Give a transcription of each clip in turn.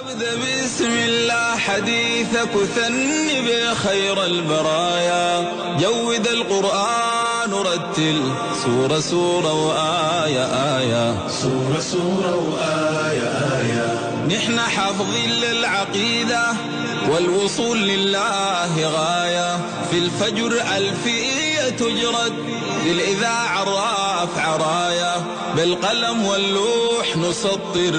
أبدأ بسم الله حديثك وثنب بخير البرايا جود القرآن ورتل سورة سورة وآية آية سورة سورة وآية آية نحن حافظين للعقيدة والوصول لله غاية في الفجر ألفية تجرد للإذاعة الراف راية بالقلم واللوح نسطر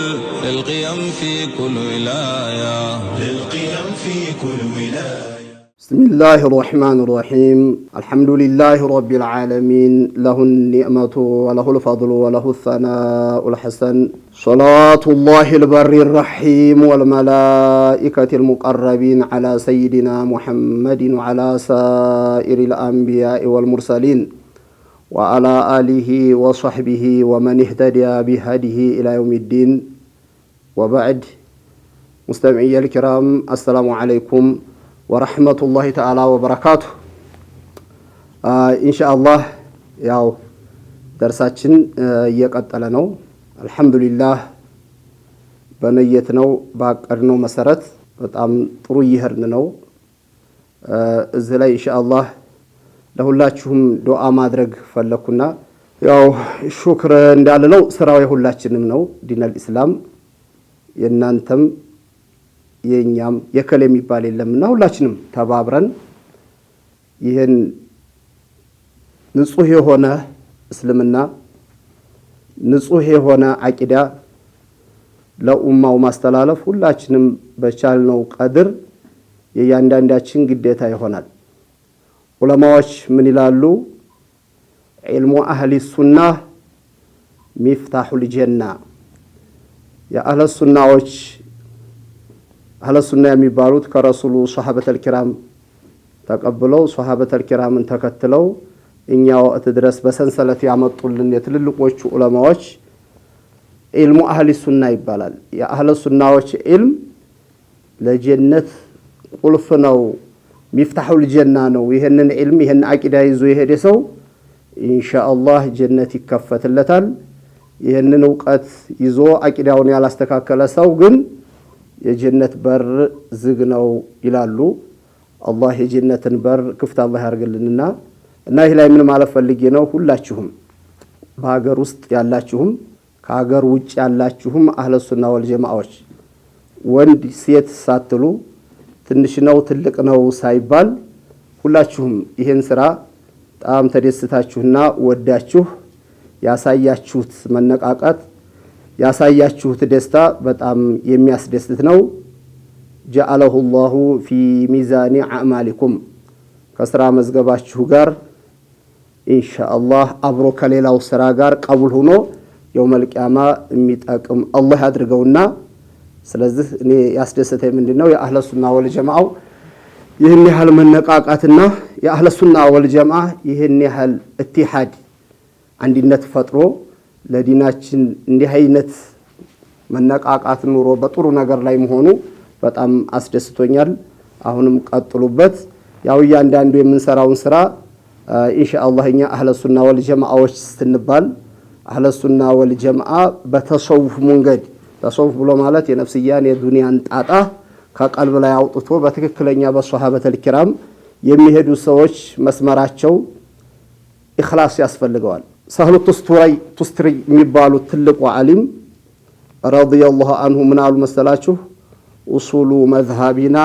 للقيم في كل ولاية للقيم في كل ولاية بسم الله الرحمن الرحيم الحمد لله رب العالمين له النعمة وله الفضل وله الثناء الحسن صلاة الله البر الرحيم والملائكة المقربين على سيدنا محمد وعلى سائر الأنبياء والمرسلين وعلى آله وصحبه ومن اهتدى بهديه إلى يوم الدين وبعد مستمعي الكرام السلام عليكم ورحمة الله تعالى وبركاته إن ኢንሻ አላህ ያው ደርሳችን እየቀጠለ ነው። الحمد لله ነው ባቀድነው መሰረት በጣም ጥሩ እየሄድን ነው። እዚህ ላይ ኢንሻ አላህ ለሁላችሁም ዱዓ ማድረግ ፈለግኩና ያው ሹክር እንዳልለው ስራው የሁላችንም ነው። ዲነል ኢስላም የእናንተም የእኛም የከል የሚባል የለምና ሁላችንም ተባብረን ይህን ንጹህ የሆነ እስልምና ንጹህ የሆነ አቂዳ ለኡማው ማስተላለፍ ሁላችንም በቻልነው ቀድር የእያንዳንዳችን ግዴታ ይሆናል። ዑለማዎች ምን ይላሉ? ዒልሙ አህሊ ሱና ሚፍታሑ ጀና የአህለ ሱናዎች አህለ ሱና የሚባሉት ከረሱሉ ሶሐበተል ኪራም ተቀብለው ሶሐበተል ኪራምን ተከትለው እኛ ወቅት ድረስ በሰንሰለት ያመጡልን የትልልቆቹ ዑለማዎች ዒልሙ አህሊ ሱና ይባላል። የአህለ ሱናዎች ዒልም ለጀነት ቁልፍ ነው ሚፍታሑል ጀና ነው። ይህንን ዕልም ይህን አቂዳ ይዞ የሄደ ሰው ኢንሻአላህ ጀነት ይከፈትለታል። ይህንን እውቀት ይዞ አቂዳውን ያላስተካከለ ሰው ግን የጀነት በር ዝግ ነው ይላሉ። አላህ የጀነትን በር ክፍት አላህ ያርግልንና እና ይህ ላይ ምን ማለት ፈልጌ ነው ሁላችሁም በሀገር ውስጥ ያላችሁም ከሀገር ውጭ ያላችሁም አህለሱና ወልጀማዎች ወንድ ሴት ሳትሉ ትንሽ ነው ትልቅ ነው ሳይባል ሁላችሁም ይህን ስራ በጣም ተደስታችሁና ወዳችሁ ያሳያችሁት መነቃቃት ያሳያችሁት ደስታ በጣም የሚያስደስት ነው። ጀዐለሁ ላሁ ፊ ሚዛኒ አዕማሊኩም ከስራ መዝገባችሁ ጋር ኢንሻአላህ አብሮ ከሌላው ስራ ጋር ቀቡል ሆኖ የውመል ቂያማ የሚጠቅም አላህ ያድርገውና ስለዚህ እኔ ያስደሰተ ምንድን ነው ወል ወልጀማአው ይህን ያህል መነቃቃትና የአህለሱና ወልጀማ ይህን ያህል እትሃድ አንድነት ፈጥሮ ለዲናችን እንዲህ አይነት መነቃቃት ኑሮ በጥሩ ነገር ላይ መሆኑ በጣም አስደስቶኛል። አሁንም ቀጥሉበት። ያው እያንዳንዱ የምንሰራውን ስራ ኢንሻአላህ እኛ ወል ወልጀማአዎች ስንባል አህለሱና ወልጀማአ በተሰውፍ መንገድ በሶፍ ብሎ ማለት የነፍስያን የዱንያን ጣጣ ከቀልብ ላይ አውጥቶ በትክክለኛ በሶሃበተል ኪራም የሚሄዱ ሰዎች መስመራቸው ኢኽላስ ያስፈልገዋል። ሰህሉ ቱስትሪ የሚባሉ ትልቁ ዓሊም ረዲየላሁ አንሁ ምን አሉ መሰላችሁ? ኡሱሉ መዝሃቢና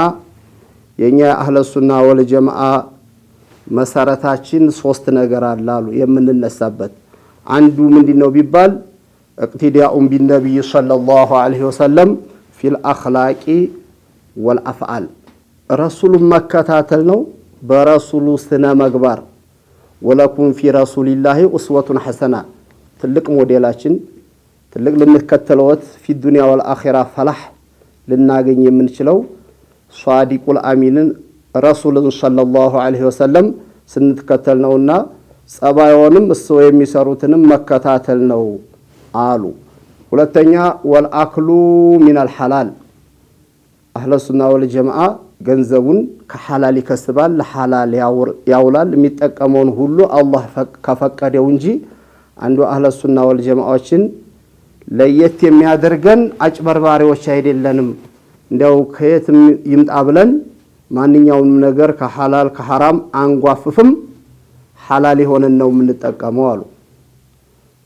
የእኛ አህለሱና ወልጀማአ መሰረታችን ሶስት ነገር አላሉ የምንነሳበት አንዱ ምንድን ነው ቢባል እቅትዳኡን ቢነቢይ ሰለላሁ ዐለይሂ ወሰለም ፊል አኽላቂ ወልአፍዓል ረሱሉን መከታተል ነው በረሱሉ ስነ መግባር። ወለኩም ፊ ረሱሊላሂ ኡስወቱን ሐሰና ትልቅ ሞዴላችን ትልቅ ልንከተለወት ፊ ዱንያ ወልአኺራ ፈላሕ ልናገኝ የምንችለው ሷዲቁል አሚንን ረሱልን ሰለላሁ ዐለይሂ ወሰለም ስንትከተል ነውና ጸባዮንም እሱ የሚሰሩትንም መከታተል ነው። አሉ። ሁለተኛ ወልአክሉ ሚነል አህለ አህለሱና ወልጀማዓ ገንዘቡን ከሐላል ይከስባል፣ ለሐላል ያውላል። የሚጠቀመውን ሁሉ አላህ ከፈቀደው እንጂ አንዱ አህለሱና ወልጀማዓዎችን ለየት የሚያደርገን አጭበርባሪዎች አይደለንም። እንዲያው ከየትም ይምጣ ብለን ማንኛውንም ነገር ከሐላል ከሐራም አንጓፍፍም፣ ሐላል የሆነን ነው የምንጠቀመው አሉ።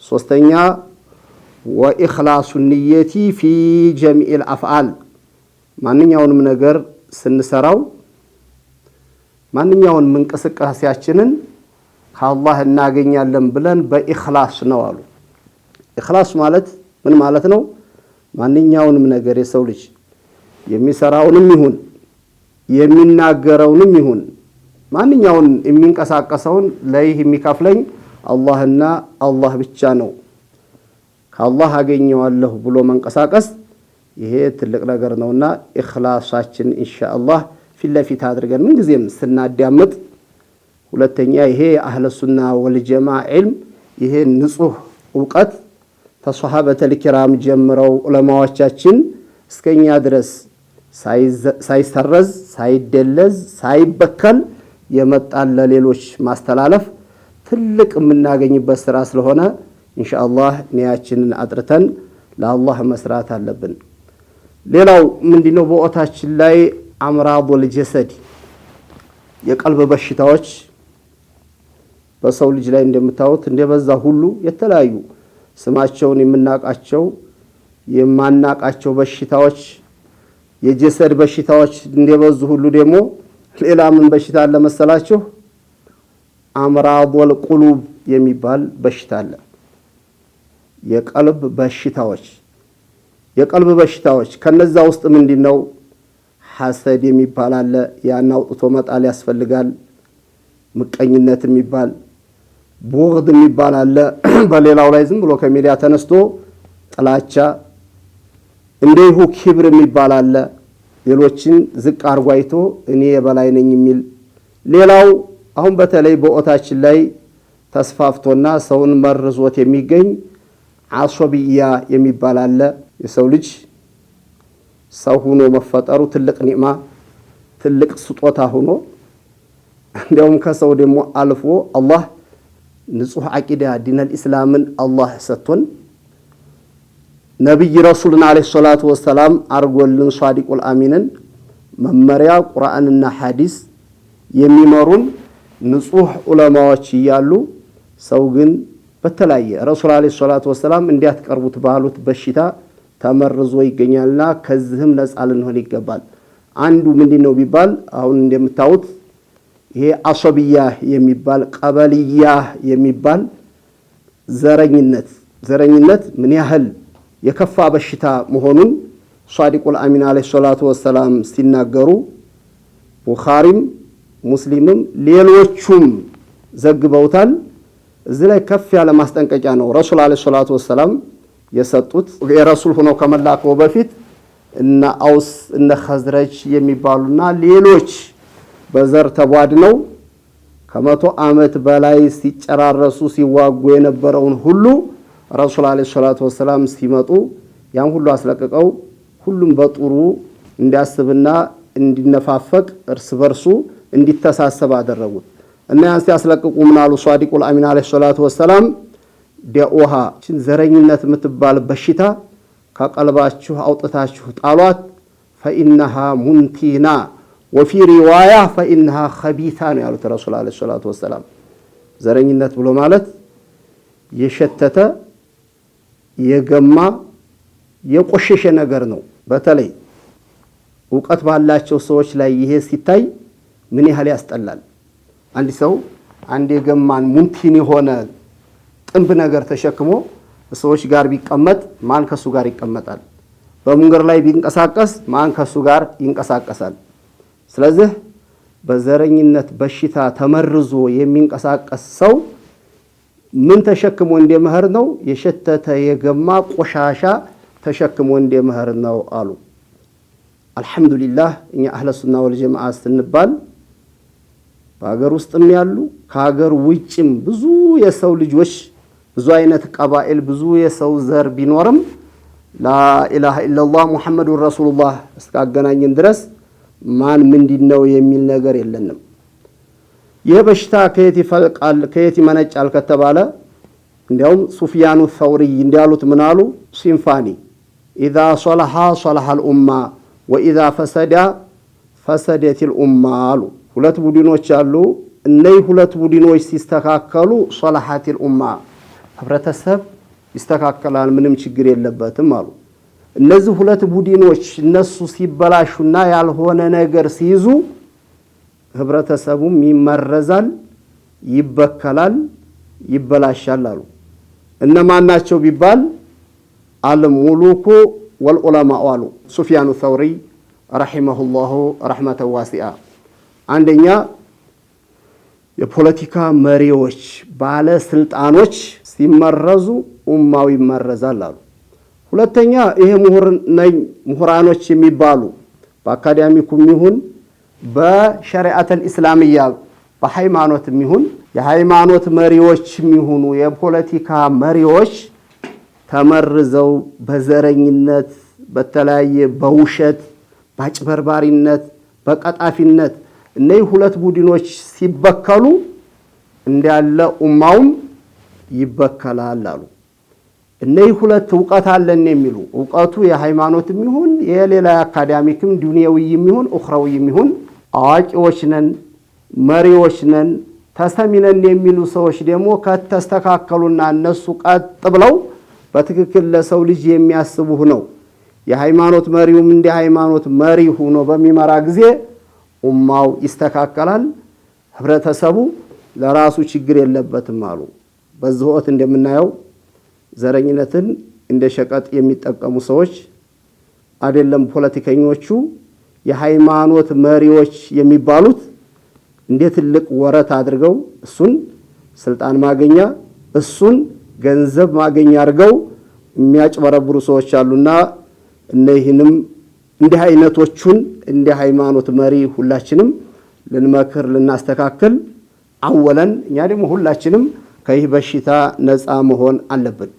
ሶስተኛ ወኢኽላሱ ንየቲ ፊ ጀሚዕል አፍዓል ማንኛውንም ነገር ስንሰራው ማንኛውንም እንቅስቃሴያችንን ከአላህ እናገኛለን ብለን በኢኽላስ ነው አሉ። ኢኽላስ ማለት ምን ማለት ነው? ማንኛውንም ነገር የሰው ልጅ የሚሰራውንም ይሁን የሚናገረውንም ይሁን ማንኛውን የሚንቀሳቀሰውን ለይህ የሚከፍለኝ አላህና አላህ ብቻ ነው ከአላህ አገኘዋለሁ ብሎ መንቀሳቀስ ይሄ ትልቅ ነገር ነውና ኢኽላሳችን ኢንሻአላህ ፊት ለፊት አድርገን ምንጊዜም ስናዳምጥ፣ ሁለተኛ ይሄ የአህለ ሱና ወልጀማ ዕልም ይሄ ንጹህ እውቀት ተሰሃበተል ኪራም ጀምረው ዑለማዎቻችን እስከኛ ድረስ ሳይሰረዝ ሳይደለዝ ሳይበከል የመጣን ለሌሎች ማስተላለፍ ትልቅ የምናገኝበት ስራ ስለሆነ ኢንሻአላህ ኒያችንን አጥርተን ለአላህ መስራት አለብን። ሌላው ምንድነው? በኦታችን ላይ አምራዶል ጀሰድ የቀልብ በሽታዎች በሰው ልጅ ላይ እንደምታዩት እንደበዛ ሁሉ የተለያዩ ስማቸውን የምናቃቸው የማናቃቸው በሽታዎች የጀሰድ በሽታዎች እንደበዙ ሁሉ ደግሞ ሌላ ምን በሽታ አለ መሰላችሁ? አምራዶል ቁሉብ የሚባል በሽታ አለ። የቀልብ በሽታዎች የቀልብ በሽታዎች ከነዛ ውስጥ ምንድን ነው? ሐሰድ የሚባል አለ። ያን አውጥቶ መጣል ያስፈልጋል። ምቀኝነት የሚባል ቦርድ የሚባል አለ። በሌላው ላይ ዝም ብሎ ከሚዲያ ተነስቶ ጥላቻ፣ እንዲሁ ኪብር የሚባል አለ። ሌሎችን ዝቅ አድርጎ አይቶ እኔ የበላይ ነኝ የሚል ሌላው አሁን በተለይ በኦታችን ላይ ተስፋፍቶና ሰውን መርዞት የሚገኝ አሶብያ የሚባል አለ። የሰው ልጅ ሰው ሆኖ መፈጠሩ ትልቅ ኒዕማ ትልቅ ስጦታ ሆኖ እንዲያውም ከሰው ደግሞ አልፎ አላህ ንጹህ አቂዳ ዲነል ኢስላምን አላህ ሰጥቶን ነቢይ ረሱልን ዓለይሂ ሰላቱ ወሰላም አርጎልን ሷዲቁል አሚንን መመሪያ ቁርአንና ሐዲስ የሚመሩን ንጹህ ዑለማዎች እያሉ ሰው ግን በተለያየ ረሱል አለ ሰላቱ ወሰላም እንዲያትቀርቡት ባሉት በሽታ ተመርዞ ይገኛልና ከዚህም ነፃ ልንሆን ይገባል። አንዱ ምንድን ነው ቢባል አሁን እንደምታዩት ይሄ አሶብያ የሚባል ቀበልያ የሚባል ዘረኝነት ዘረኝነት ምን ያህል የከፋ በሽታ መሆኑን ሷዲቁል አሚን አለ ሰላቱ ወሰላም ሲናገሩ ቡኻሪም ሙስሊምም ሌሎቹም ዘግበውታል። እዚህ ላይ ከፍ ያለ ማስጠንቀቂያ ነው ረሱል አለ ሰላቱ ወሰላም የሰጡት። የረሱል ሆነው ከመላከው በፊት እነ አውስ እነ ኸዝረጅ የሚባሉና ሌሎች በዘር ተቧድነው ከመቶ ዓመት በላይ ሲጨራረሱ ሲዋጉ የነበረውን ሁሉ ረሱል አለ ሰላቱ ወሰላም ሲመጡ ያን ሁሉ አስለቅቀው ሁሉም በጥሩ እንዲያስብና እንዲነፋፈቅ እርስ በርሱ እንዲተሳሰብ አደረጉት። እና ያንስቲ ያስለቅቁ ምናሉ ሷዲቁል አሚን አለ ሰላቱ ወሰላም ደኡሃ ዘረኝነት የምትባል በሽታ ከቀልባችሁ አውጥታችሁ ጣሏት። ፈኢነሃ ሙንቲና ወፊ ሪዋያ ፈኢነሃ ከቢታ ነው ያሉት ረሱል አለይሂ ሰላቱ ወሰላም። ዘረኝነት ብሎ ማለት የሸተተ የገማ የቆሸሸ ነገር ነው። በተለይ እውቀት ባላቸው ሰዎች ላይ ይሄ ሲታይ ምን ያህል ያስጠላል። አንድ ሰው አንድ የገማን ሙንቲን የሆነ ጥንብ ነገር ተሸክሞ ሰዎች ጋር ቢቀመጥ ማን ከሱ ጋር ይቀመጣል? በመንገድ ላይ ቢንቀሳቀስ ማን ከሱ ጋር ይንቀሳቀሳል? ስለዚህ በዘረኝነት በሽታ ተመርዞ የሚንቀሳቀስ ሰው ምን ተሸክሞ እንደ መኸር ነው? የሸተተ የገማ ቆሻሻ ተሸክሞ እንደ መኸር ነው አሉ። አልሐምዱሊላህ እኛ አህለ ሱና ወልጀማዓ ስንባል በሀገር ውስጥም ያሉ ከሀገር ውጭም ብዙ የሰው ልጆች ብዙ አይነት ቀባኤል ብዙ የሰው ዘር ቢኖርም ላኢላሃ ኢለላህ ሙሐመዱን ረሱሉላህ እስካገናኝን ድረስ ማን ምንድን ነው የሚል ነገር የለንም። ይህ በሽታ ከየት ይፈልቃል ከየት ይመነጫል ከተባለ እንዲያውም ሱፊያኑ ሰውሪ እንዲያሉት ምናሉ ሲንፋኒ ኢዛ ሶለሃ ሶለሓ ልኡማ ወኢዛ ፈሰዳ ፈሰደት ልኡማ አሉ። ሁለት ቡድኖች አሉ። እነዚህ ሁለት ቡድኖች ሲስተካከሉ ሶላሐቲል ኡማ ህብረተሰብ ይስተካከላል፣ ምንም ችግር የለበትም አሉ። እነዚህ ሁለት ቡድኖች እነሱ ሲበላሹና ያልሆነ ነገር ሲይዙ ህብረተሰቡም ይመረዛል፣ ይበከላል፣ ይበላሻል አሉ። እነማን ናቸው ቢባል አልሙሉኩ ወልዑለማኡ አሉ ሱፊያኑ ሰውሪ ረሒመሁላሁ ረሕመተን ዋሲአ አንደኛ የፖለቲካ መሪዎች ባለስልጣኖች ሲመረዙ ኡማው ይመረዛል አሉ። ሁለተኛ ይሄ ምሁር ነኝ ምሁራኖች የሚባሉ በአካዳሚኩም ይሁን በሸሪዓተል ኢስላምያ በሃይማኖትም ይሁን የሃይማኖት መሪዎች የሚሆኑ የፖለቲካ መሪዎች ተመርዘው በዘረኝነት፣ በተለያየ በውሸት፣ በአጭበርባሪነት፣ በቀጣፊነት እነዚህ ሁለት ቡድኖች ሲበከሉ እንዳለ ኡማውም ይበከላል አሉ። እነዚህ ሁለት እውቀት አለን የሚሉ እውቀቱ የሃይማኖትም ይሁን የሌላ አካዳሚክም ዱንያዊም ይሁን ኡኽራዊም ይሁን አዋቂዎች ነን፣ መሪዎች ነን፣ ተሰሚነን የሚሉ ሰዎች ደግሞ ከተስተካከሉና እነሱ ቀጥ ብለው በትክክል ለሰው ልጅ የሚያስቡ ነው የሃይማኖት መሪውም እንደ ሃይማኖት መሪ ሆኖ በሚመራ ጊዜ ኡማው ይስተካከላል፣ ህብረተሰቡ ለራሱ ችግር የለበትም አሉ። በዚህ ወቅት እንደምናየው ዘረኝነትን እንደ ሸቀጥ የሚጠቀሙ ሰዎች አይደለም ፖለቲከኞቹ፣ የሃይማኖት መሪዎች የሚባሉት እንደ ትልቅ ወረት አድርገው እሱን ስልጣን ማገኛ እሱን ገንዘብ ማገኛ አድርገው የሚያጭበረብሩ ሰዎች አሉና እነዚህንም እንዲህ አይነቶቹን እንደ ሃይማኖት መሪ ሁላችንም ልንመክር ልናስተካክል፣ አወለን እኛ ደግሞ ሁላችንም ከይህ በሽታ ነፃ መሆን አለብን።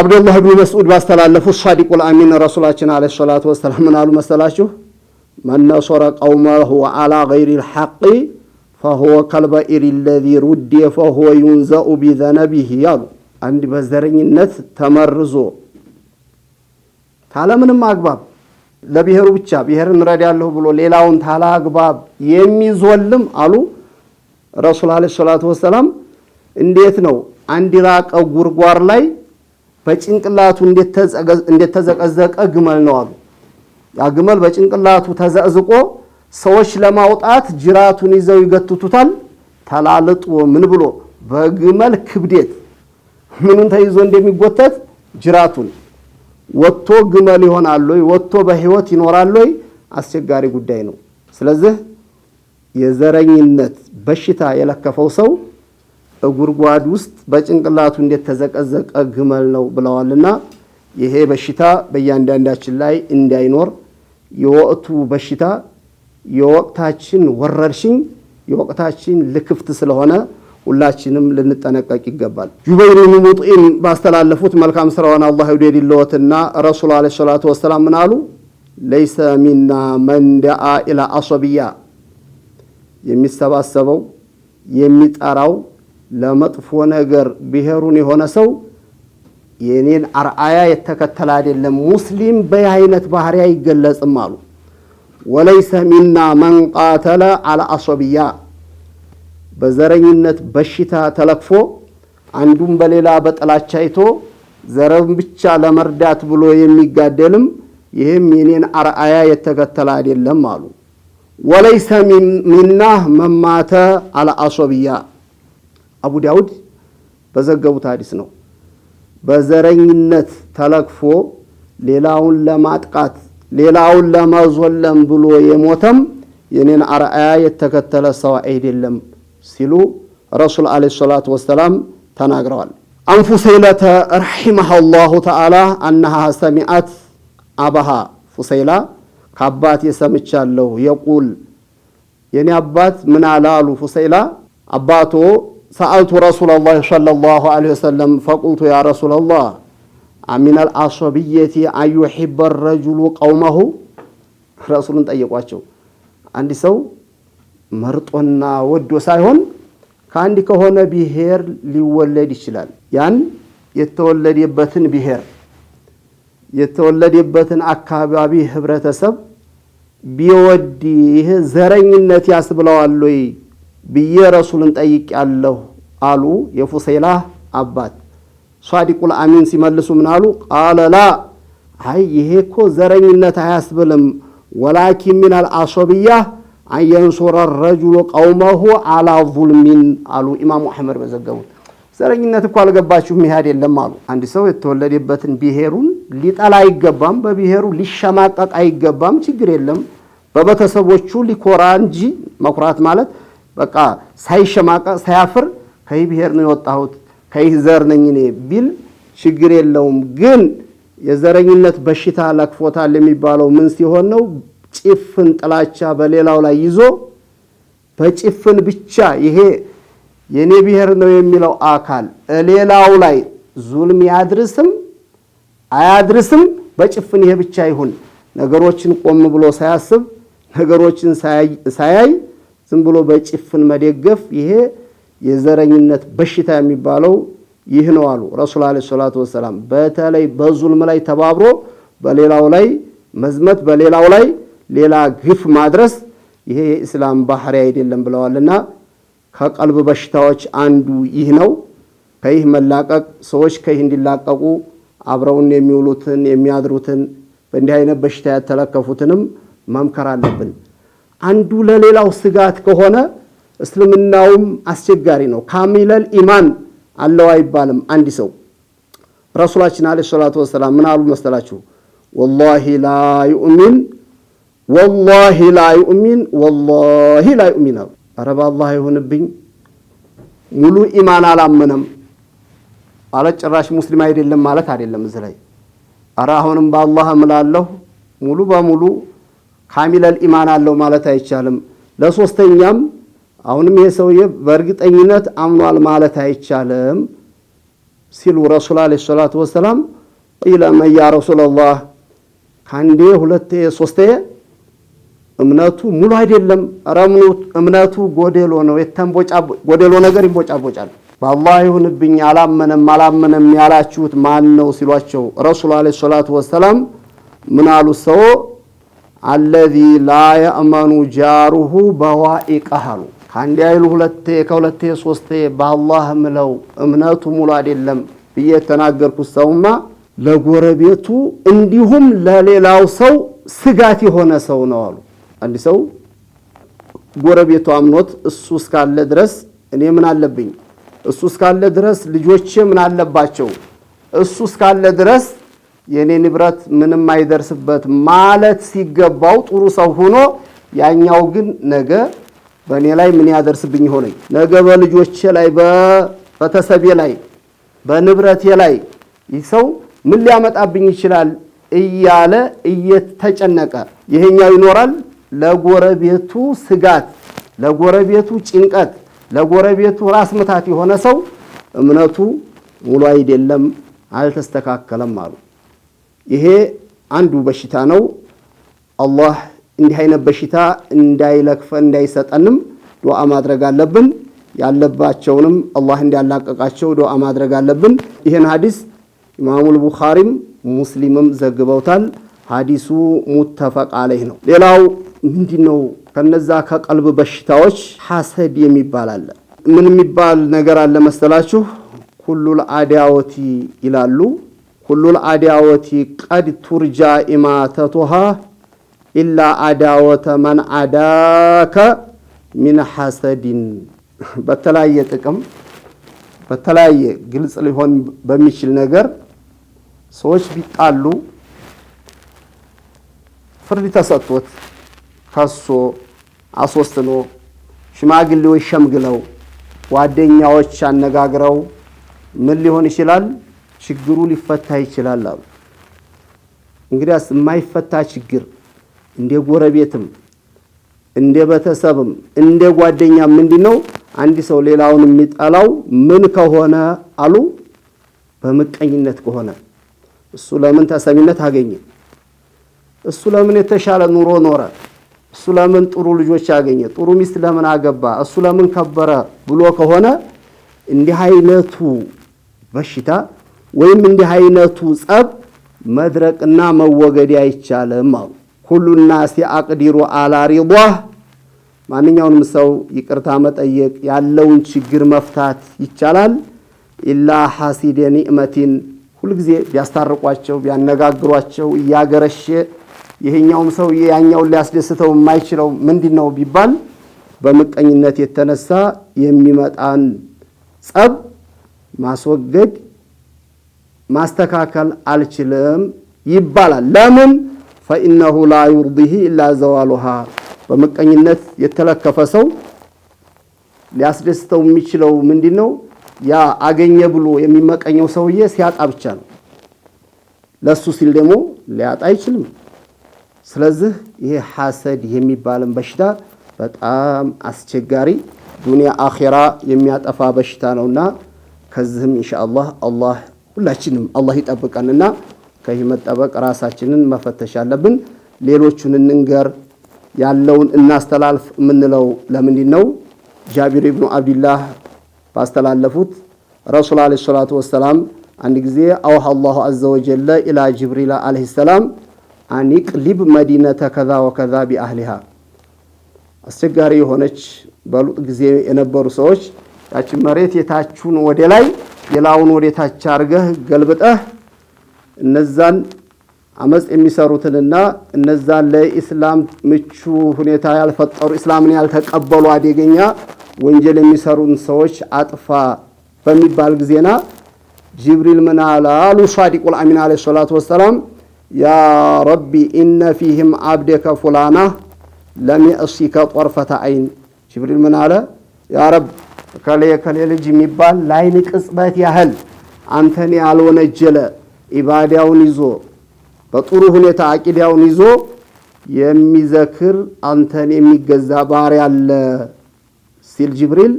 አብዱላህ ብኑ መስዑድ ባስተላለፉት ሳዲቁል አሚን ረሱላችን ዓለይሂ ሰላቱ ወሰላም ምን አሉ መሰላችሁ? መነሶረ ነሶረ ቀውመሁ ዓላ ገይሪ ልሐቂ ፈሁወ ከልበኢሪ ለዚ ሩዴ ፈሁወ ዩንዘኡ ቢዘነቢህ ያሉ። አንድ በዘረኝነት ተመርዞ ካለምንም አግባብ ለብሔሩ ብቻ ብሔርን ረዳለሁ ብሎ ሌላውን ታላግባብ የሚዞልም አሉ ረሱል አለ ሰላቱ ወሰላም። እንዴት ነው አንድ ራቀ ጉርጓር ላይ በጭንቅላቱ እንዴት ተዘቀዘቀ ግመል ነው አሉ። ያ ግመል በጭንቅላቱ ተዘቅዝቆ ሰዎች ለማውጣት ጅራቱን ይዘው ይገትቱታል። ተላልጦ ምን ብሎ በግመል ክብደት ምኑን ተይዞ እንደሚጎተት ጅራቱን ወጥቶ ግመል ይሆናል ወይ ወጥቶ በህይወት ይኖራል ወይ አስቸጋሪ ጉዳይ ነው። ስለዚህ የዘረኝነት በሽታ የለከፈው ሰው እጉድጓድ ውስጥ በጭንቅላቱ እንደተዘቀዘቀ ግመል ነው ብለዋልና ይሄ በሽታ በእያንዳንዳችን ላይ እንዳይኖር የወቅቱ በሽታ የወቅታችን ወረርሽኝ የወቅታችን ልክፍት ስለሆነ ሁላችንም ልንጠነቀቅ ይገባል። ጁበይር ሙጢን ባስተላለፉት መልካም ስራውን አላህ ይውደድልዎትና ረሱሉ ዓለይሂ ሰላቱ ወሰላም ምን አሉ? ለይሰ ሚና መን ደአ ኢላ አሶብያ የሚሰባሰበው የሚጠራው ለመጥፎ ነገር ብሔሩን የሆነ ሰው የኔን አርአያ የተከተለ አይደለም፣ ሙስሊም በይህ አይነት ባህሪ አይገለጽም አሉ። ወለይሰ ሚና መን ቃተለ አላ አሶብያ በዘረኝነት በሽታ ተለክፎ አንዱን በሌላ በጥላቻ አይቶ ዘረብን ብቻ ለመርዳት ብሎ የሚጋደልም ይህም የኔን አርአያ የተከተለ አይደለም አሉ። ወለይሰ ሚና መማተ አልአሶብያ አቡ ዳውድ በዘገቡት ሀዲስ ነው። በዘረኝነት ተለክፎ ሌላውን ለማጥቃት ሌላውን ለመዞለም ብሎ የሞተም የኔን አርአያ የተከተለ ሰው አይደለም። ሲሉ ረሱል ዓለይሂ ሰላቱ ወሰላም ተናግረዋል። አንፉሰይለተ ፉሰይለተ ረሒመሃ ላሁ ተዓላ አነሃ ሰሚአት አባሃ ፉሰይላ ከአባት የሰምቻለሁ የቁል የኔ አባት ምን አላሉ ፉሰይላ አባቶ ሰአልቱ ረሱላ ላ ሰለላሁ ዐለይሂ ወሰለም ፈቁልቱ ያ ረሱላ ላህ አሚነል አሶብየቲ አዩሒበ ረጅሉ ቀውመሁ ረሱሉን ጠየቋቸው አንድ ሰው መርጦና ወዶ ሳይሆን ከአንድ ከሆነ ብሔር ሊወለድ ይችላል። ያን የተወለደበትን ብሔር የተወለደበትን አካባቢ ህብረተሰብ ቢወድ ይህ ዘረኝነት ያስብለዋል ወይ ብዬ ረሱልን ጠይቅ ያለሁ አሉ። የፉሴላ አባት ሷዲቁል አሚን ሲመልሱ ምን አሉ? ቃለ ላ አይ ይሄ እኮ ዘረኝነት አያስብልም ወላኪን ሚናል አሶብያ አንየንሱረ ረጁሉ ቀውመሁ አላ ዙልሚን አሉ ኢማሙ አሕመድ በዘገቡት። ዘረኝነት እኮ አልገባችሁም ይሄ የለም አሉ። አንድ ሰው የተወለደበትን ብሔሩን ሊጠላ አይገባም፣ በብሔሩ ሊሸማቀቅ አይገባም። ችግር የለም በቤተሰቦቹ ሊኮራ እንጂ መኩራት ማለት በቃ ሳይሸማቀቅ ሳያፍር ከይህ ብሔር ነው የወጣሁት ከይህ ዘር ነኝ እኔ ቢል ችግር የለውም። ግን የዘረኝነት በሽታ ለክፎታል የሚባለው ምን ሲሆን ነው? ጭፍን ጥላቻ በሌላው ላይ ይዞ በጭፍን ብቻ ይሄ የኔ ብሔር ነው የሚለው አካል ሌላው ላይ ዙልም ያድርስም አያድርስም በጭፍን ይሄ ብቻ ይሁን፣ ነገሮችን ቆም ብሎ ሳያስብ ነገሮችን ሳያይ ዝም ብሎ በጭፍን መደገፍ ይሄ የዘረኝነት በሽታ የሚባለው ይህ ነው አሉ ረሱል ዓለይሂ ሰላቱ ወሰላም። በተለይ በዙልም ላይ ተባብሮ በሌላው ላይ መዝመት በሌላው ላይ ሌላ ግፍ ማድረስ ይሄ የእስላም ባህሪ አይደለም ብለዋልና ከቀልብ በሽታዎች አንዱ ይህ ነው። ከይህ መላቀቅ ሰዎች ከይህ እንዲላቀቁ አብረውን የሚውሉትን የሚያድሩትን በእንዲህ አይነት በሽታ ያተለከፉትንም መምከር አለብን። አንዱ ለሌላው ስጋት ከሆነ እስልምናውም አስቸጋሪ ነው። ካሚለል ኢማን አለው አይባልም። አንድ ሰው ረሱላችን አለ ሰላቱ ወሰላም ምን አሉ መሰላችሁ? ወላሂ ላ ዩእሚን ወላሂ ላዩእሚን ወላሂ ላዩእሚን አሉ። ኧረ በአላህ አይሆንብኝ ሙሉ ኢማን አላመነም አለ። ጭራሽ ሙስሊም አይደለም ማለት አይደለም። እዚህ ላይ ኧረ አሁንም በአላህ እምላለሁ ሙሉ በሙሉ ካሚለል ኢማን አለው ማለት አይቻልም። ለሶስተኛም አሁንም ይሄ ሰውዬ በእርግጠኝነት አምኗል ማለት አይቻልም ሲሉ ረሱል አለ ሰላቱ ወሰላም ቂለ መን ያ ረሱለላህ ከአንዴ ሁለቴ ሶስቴ እምነቱ ሙሉ አይደለም። ረምኑ እምነቱ ጎደሎ ነው። የተንቦጫ ጎደሎ ነገር ይንቦጫቦጫል። በአላህ ይሁንብኝ አላመነም አላመነም ያላችሁት ማን ነው ሲሏቸው ረሱሉ ዓለይሂ ሰላቱ ወሰላም ምን አሉ? ሰው አለዚ ላ የእመኑ ጃሩሁ በዋኢቀህ አሉ። ከአንዴ አይሉ ሁለቴ ከሁለቴ ሶስቴ በአላህ ምለው እምነቱ ሙሉ አይደለም ብዬ የተናገርኩት ሰውማ ለጎረቤቱ እንዲሁም ለሌላው ሰው ስጋት የሆነ ሰው ነው አሉ። አንድ ሰው ጎረቤቱ አምኖት እሱ እስካለ ድረስ እኔ ምን አለብኝ፣ እሱ እስካለ ድረስ ልጆቼ ምን አለባቸው፣ እሱ እስካለ ድረስ የእኔ ንብረት ምንም አይደርስበት ማለት ሲገባው ጥሩ ሰው ሆኖ ያኛው ግን ነገ በእኔ ላይ ምን ያደርስብኝ ይሆነኝ? ነገ በልጆቼ ላይ፣ በቤተሰቤ ላይ፣ በንብረቴ ላይ ይህ ሰው ምን ሊያመጣብኝ ይችላል እያለ እየተጨነቀ ይሄኛው ይኖራል ለጎረቤቱ ስጋት፣ ለጎረቤቱ ጭንቀት፣ ለጎረቤቱ ራስ ምታት የሆነ ሰው እምነቱ ሙሉ አይደለም፣ አልተስተካከለም አሉ። ይሄ አንዱ በሽታ ነው። አላህ እንዲህ አይነት በሽታ እንዳይለክፈ እንዳይሰጠንም ዱዓ ማድረግ አለብን። ያለባቸውንም አላህ እንዲያላቀቃቸው ዱዓ ማድረግ አለብን። ይህን ሀዲስ ኢማሙል ቡኻሪም ሙስሊምም ዘግበውታል። ሀዲሱ ሙተፈቅ አለይህ ነው። ሌላው ምንድን ነው ከነዛ ከቀልብ በሽታዎች ሐሰድ የሚባል አለ። ምን የሚባል ነገር አለ መሰላችሁ? ኩሉል አዳወቲ ይላሉ። ኩሉል አዳወቲ ቀድ ቱርጃ ኢማተቱሃ ኢላ አዳወተ መን አዳከ ሚን ሐሰድን። በተለያየ ጥቅም በተለያየ ግልጽ ሊሆን በሚችል ነገር ሰዎች ቢጣሉ ፍርድ ተሰጥቶት ፈሶ አስወስኖ ሽማግሌዎች ሸምግለው ጓደኛዎች አነጋግረው ምን ሊሆን ይችላል? ችግሩ ሊፈታ ይችላል አሉ። እንግዲያስ የማይፈታ ችግር እንደ ጎረቤትም እንደ ቤተሰብም እንደ ጓደኛም ምንድን ነው አንድ ሰው ሌላውን የሚጠላው ምን ከሆነ አሉ? በምቀኝነት ከሆነ እሱ ለምን ተሰሚነት አገኘ? እሱ ለምን የተሻለ ኑሮ ኖረ? እሱ ለምን ጥሩ ልጆች ያገኘ፣ ጥሩ ሚስት ለምን አገባ፣ እሱ ለምን ከበረ ብሎ ከሆነ እንዲህ አይነቱ በሽታ ወይም እንዲህ አይነቱ ጸብ መድረቅና መወገድ አይቻልም አሉ። ሁሉ ናስ አቅዲሩ አላ ሪዷህ ማንኛውንም ሰው ይቅርታ መጠየቅ ያለውን ችግር መፍታት ይቻላል። ኢላ ሐሲደ ኒዕመቲን ሁልጊዜ ቢያስታርቋቸው ቢያነጋግሯቸው እያገረሼ ይሄኛውም ሰው ያኛውን ሊያስደስተው የማይችለው ምንድን ነው ቢባል በምቀኝነት የተነሳ የሚመጣን ጸብ ማስወገድ ማስተካከል አልችልም ይባላል። ለምን ፈኢነሁ ላ ዩርዲህ ኢላ ዘዋሉሃ። በምቀኝነት የተለከፈ ሰው ሊያስደስተው የሚችለው ምንድን ነው? ያ አገኘ ብሎ የሚመቀኘው ሰውዬ ሲያጣ ብቻ ነው። ለሱ ሲል ደግሞ ሊያጣ አይችልም። ስለዚህ ይሄ ሐሰድ የሚባልን በሽታ በጣም አስቸጋሪ ዱንያ አኼራ የሚያጠፋ በሽታ ነውና ከዚህም ኢንሻአላህ አላህ ሁላችንም አላህ ይጠብቀንና ከዚህ መጠበቅ ራሳችንን መፈተሽ አለብን። ሌሎቹን እንንገር፣ ያለውን እናስተላልፍ የምንለው ለምንድን ነው? ጃቢር ብኑ አብድላህ ባስተላለፉት ረሱል ዓለይሂ ሰላቱ ወሰላም አንድ ጊዜ አውሃ አላሁ አዘወጀለ ኢላ ጅብሪል ዓለይሂ ሰላም ሊብ መዲነተ ከዛ ወከዛ ቢአህሊሃ አስቸጋሪ የሆነች በሉጥ ጊዜ የነበሩ ሰዎች ያችን መሬት የታችሁን ወደ ላይ የላውን ወደ ታች አርገህ ገልብጠህ እነዛን አመፅ የሚሰሩትንና እነዛን ለኢስላም ምቹ ሁኔታ ያልፈጠሩ ኢስላምን ያልተቀበሉ አደገኛ ወንጀል የሚሰሩን ሰዎች አጥፋ በሚባል ጊዜና ጅብሪል ምን አለ አሉ ሷዲቁል አሚን አለ ሰላቱ ወሰላም يا ربي إن فيهم عبدك فلانة لم يأسك طرفة عين جبريل من على يا رب كلي كلي لجي ميبال لاين قصبت አንተን ያልወነጀለ ኢባዳውን ይዞ በጥሩ ሁኔታ አቂዳውን ይዞ የሚዘክር አንተን የሚገዛ ባሪያ አለ ሲል ጅብሪል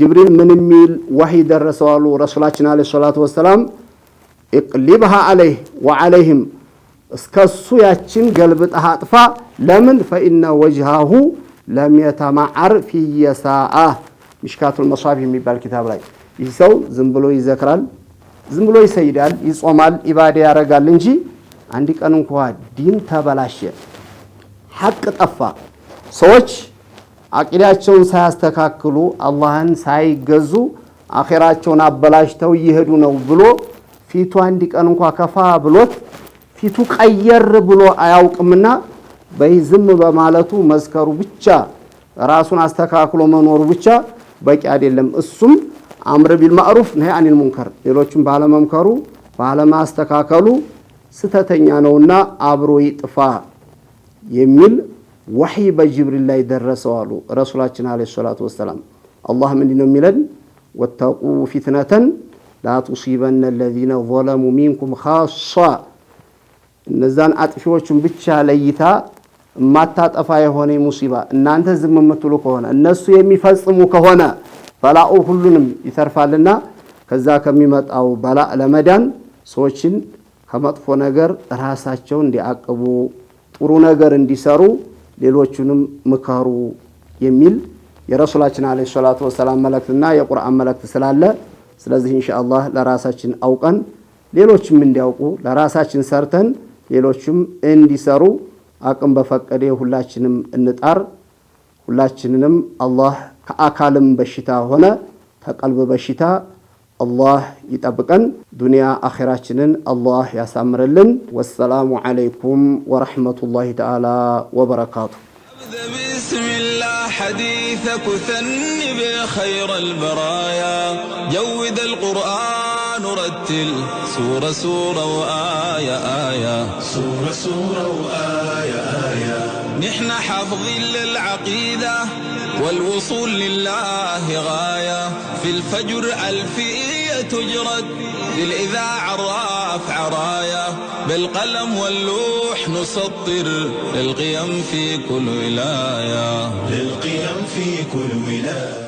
ጅብሪል ምን የሚል ዋሂ ደረሰዋሉ ረሱላችን አለ ሰላቱ ወሰላም እቅሊብሃ አለይህ ወአለይህም እስከሱ ያችን ገልብጠህ አጥፋ። ለምን ፈኢነ ወጅሃሁ ለም የተማዓር ፊየሳአ ሚሽካቱል መሷፊ የሚባል ኪታብ ላይ ይህ ሰው ዝም ብሎ ይዘክራል፣ ዝም ብሎ ይሰይዳል፣ ይጾማል፣ ኢባዴ ያደርጋል እንጂ አንድ ቀን እንኳ ዲን ተበላሸ፣ ሐቅ ጠፋ፣ ሰዎች አቂዳቸውን ሳያስተካክሉ አላህን ሳይገዙ አኼራቸውን አበላሽተው እየሄዱ ነው ብሎ ፊቱ አንድ ቀን እንኳ ከፋ ብሎት ፊቱ ቀየር ብሎ አያውቅምና በይ ዝም በማለቱ መስከሩ ብቻ ራሱን አስተካክሎ መኖሩ ብቻ በቂ አይደለም። እሱም አምር ቢል ማዕሩፍ ነህ አኒል ሙንከር ሌሎችም ባለመምከሩ ባለማስተካከሉ ስተተኛ ነውና አብሮ ይጥፋ የሚል ወሕይ በጅብሪል ላይ ደረሰው አሉ ረሱላችን አለ ሰላቱ ወሰላም። አላህ ምንድ ነው የሚለን? ወተቁ ፊትነተን ላቱሲበነ ለዚነ ዘለሙ ሚንኩም ኻሳ እነዛን አጥፊዎቹን ብቻ ለይታ የማታጠፋ የሆነ ሙሲባ እናንተ ዝም የምትሉ ከሆነ እነሱ የሚፈጽሙ ከሆነ በላኡ ሁሉንም ይተርፋልና ከዛ ከሚመጣው በላ ለመዳን ሰዎችን ከመጥፎ ነገር ራሳቸው እንዲያቅቡ ጥሩ ነገር እንዲሰሩ ሌሎቹንም ምከሩ የሚል የረሱላችን አለይሂ ሰላቱ ወሰላም መልእክትና የቁርአን መልእክት ስላለ ስለዚህ ኢንሻአላህ ለራሳችን አውቀን ሌሎችም እንዲያውቁ ለራሳችን ሰርተን ሌሎችም እንዲሰሩ አቅም በፈቀደ ሁላችንም እንጣር። ሁላችንንም አላህ ከአካልም በሽታ ሆነ ከቀልብ በሽታ አላህ ይጠብቀን። ዱንያ አኼራችንን አላህ ያሳምርልን። ወሰላሙ ዓለይኩም ወረሕመቱላሂ ተዓላ ወበረካቱ። حديثك ثنب خير البرايا جود القرآن رتل سورة سورة وآية آية سورة سورة وآية آية نحن حافظين للعقيدة والوصول لله غاية في الفجر ألفية تجرد للإذاعة الراف راية بالقلم واللوح نسطر للقيم في كل ولاية للقيم في كل ولاية